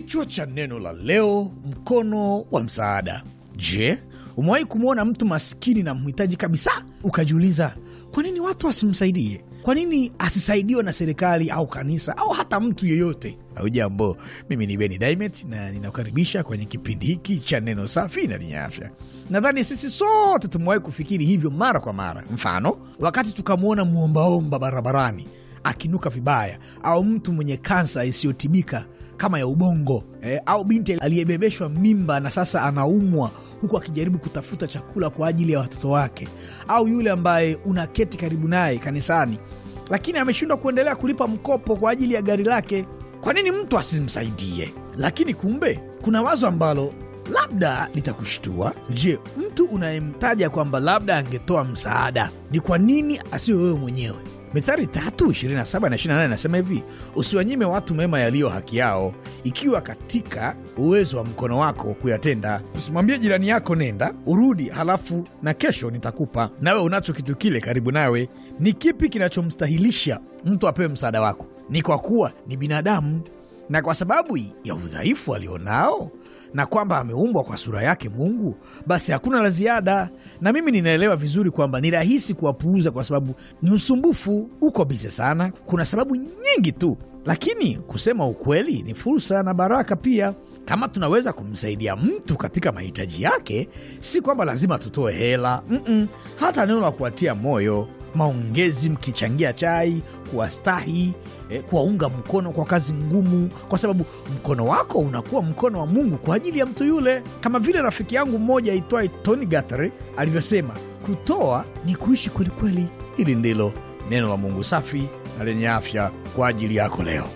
Kichwa cha neno la leo, mkono wa msaada. Je, umewahi kumwona mtu maskini na mhitaji kabisa, ukajiuliza kwa nini watu wasimsaidie? Kwa nini asisaidiwe na serikali au kanisa au hata mtu yeyote? au jambo. Mimi ni Beni Dimet na ninakukaribisha kwenye kipindi hiki cha neno safi na lenye afya. Nadhani sisi sote tumewahi kufikiri hivyo mara kwa mara, mfano wakati tukamwona mwombaomba barabarani akinuka vibaya, au mtu mwenye kansa isiyotibika kama ya ubongo eh, au binti aliyebebeshwa mimba na sasa anaumwa huku akijaribu kutafuta chakula kwa ajili ya watoto wake, au yule ambaye unaketi karibu naye kanisani lakini ameshindwa kuendelea kulipa mkopo kwa ajili ya gari lake. Kwa nini mtu asimsaidie? Lakini kumbe kuna wazo ambalo labda litakushtua. Je, mtu unayemtaja kwamba labda angetoa msaada, ni kwa nini asiwe wewe mwenyewe? mithari tatu 27 na 28 anasema hivi, usiwanyime watu mema yaliyo haki yao, ikiwa katika uwezo wa mkono wako kuyatenda. Usimwambie jirani yako nenda urudi, halafu na kesho nitakupa, nawe unacho kitu kile karibu nawe. Ni kipi kinachomstahilisha mtu apewe msaada wako? Ni kwa kuwa ni binadamu na kwa sababu ya udhaifu alionao na kwamba ameumbwa kwa sura yake Mungu, basi hakuna la ziada. Na mimi ninaelewa vizuri kwamba ni rahisi kuwapuuza kwa sababu ni usumbufu, uko bize sana, kuna sababu nyingi tu, lakini kusema ukweli ni fursa na baraka pia. Kama tunaweza kumsaidia mtu katika mahitaji yake, si kwamba lazima tutoe hela. Mm-mm. Hata neno la kuwatia moyo maongezi, mkichangia chai, kuwastahi eh, kuwaunga mkono kwa kazi ngumu, kwa sababu mkono wako unakuwa mkono wa Mungu kwa ajili ya mtu yule, kama vile rafiki yangu mmoja aitwaye Tony Gatare alivyosema, kutoa ni kuishi kwelikweli. Hili ndilo neno la Mungu safi na lenye afya kwa ajili yako leo.